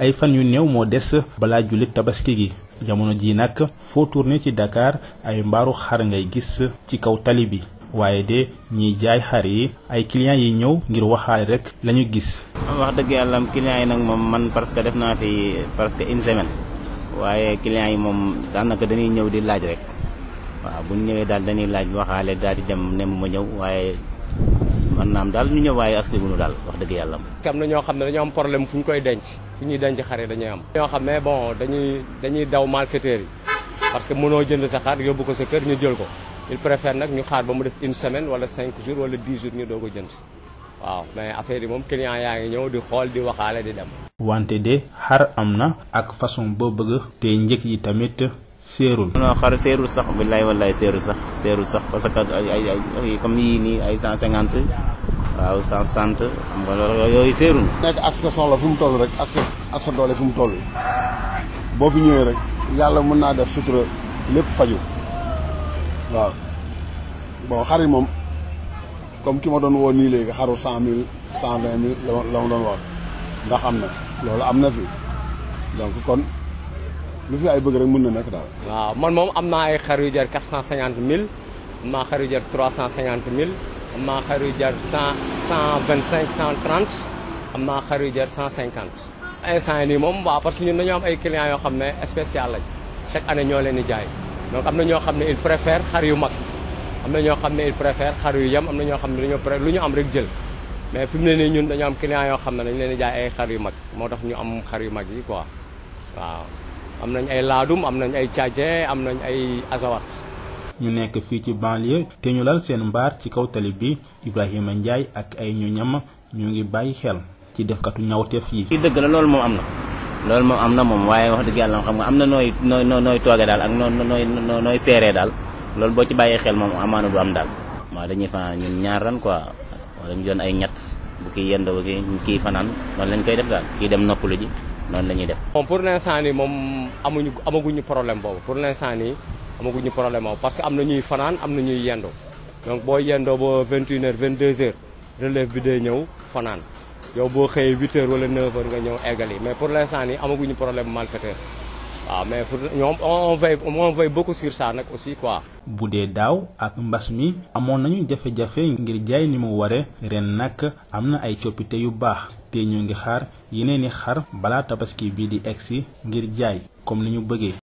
ay fan yu néew moo des balaa jullit tabaski gi jamono ji nag foo tourné ci Dakar ay mbaaru xar ngay gis ci kaw tali bi waaye de ñiy jaay xar yi ay clients yi ñëw ngir waxaale rek lañu gis. wax dëgg yàlla clients yi nag moom man parce que def naa fi parce que une semaine waaye clients yi moom daanaka dañuy ñëw di laaj rek waaw bu ñëwee daal dañuy laaj waxaale daal di dem ne ma ñëw waaye. man naam daal ñu ñëw waaye accès gunu daal wax dëgg yàlla am na ñoo xam ne dañoo am problème fu ñu koy denc fu ñuy denc xar yi dañuy am ñoo xam ne bon dañuy dañuy daw malfaiteurs yi parce que mënoo jënd sa xar yóbbu ko sa kër ñu jël ko il préfère nag ñu xaar ba mu des une semaine wala cinq jours wala dix jours ñu doog a jënd waaw mais affaire yi moom client yaa ngi ñëw di xool di waxaale di dem wante de xar am na ak façon boo bëgg te njëkk yi tamit seerul. non xar seerul sax billaay wallaay seerul sax seerul sax parce que ay ay comme yii nii ay cent cinquante waaw cent soixante xam nga loolu yooyu seerul. nekk ak sa soxla fu mu toll rek ak sa fu mu toll boo ñëwee rek yàlla mën naa def sutura lépp faju waaw xar moom comme ki ma doon woo nii léegi xaru cent mille cent vingt am na loolu am na fi donc kon. lu fi ay bëgg rek mën na nekk daal. waaw man moom am naa ay xar yu jar quatre cent cinquante mille am naa xar jar trois cent cinquante mille am naa xar yu jar cent cent vingt cinq cent trente am naa xar yu jar cent cinquante. instant yi nii moom waaw parce que ñun dañoo am ay clients yoo xam ne spécial lañ chaque année ñoo leen di jaay donc am na ñoo xam ne ils préfèrent xar yu mag am na ñoo xam ne ils préfèrent xar yu yem am na ñoo xam ne dañoo pré lu ñu am rek jël mais fi mu ne nii ñun dañoo am clients yoo xam ne dañu leen jaay ay xar yu mag moo tax ñu am xar yu mag yi quoi waaw. am nañ ay laadum am nañ ay caaje am nañ ay asawat ñu nekk fii ci banlieue te ñu lal seen mbaar ci kaw tali bi Ibrahima Ndiaye ak ay ñu ñam ñu ngi bàyyi xel ci defkatu ñawteef yi. fii dëgg la loolu moom am na loolu moom am na moom waaye wax dëgg yàlla xam nga am na nooy nooy nooy tooge daal ak nooy nooy nooy seeree daal loolu boo ci bàyyee xel moom amaana du am daal. waaw dañuy fanaan ñun ñaar ran ko wala ñu doon ay ñett bu kii yendoo ki fanaan noonu lañ koy def daal kii dem noppalu noonu la ñuy def. bon pour l'instant nii moom amuñu amaguñu problème boobu pour l'instant nii amaguñu problème boobu parce que am nañuy fanaan am nañuy ñuy yendoo donc boo yendoo ba 21 heures 22 heures relève bi day ñëw fanaan yow boo xëyee 8 heures wala 9 nga ñëw eggali mais pour l'instant nii amaguñu problème malfaiteur. waaw ah, mais pour ñoom on veille on nag aussi quoi. bu dee daaw ak mbas mi. amoon nañu jafe-jafe ngir jaay ni mu ware ren nag am na ay coppite yu baax te ñu ngi xaar yeneeni xar balaa tabaski bii di egsi ngir jaay comme ni ñu bëggee.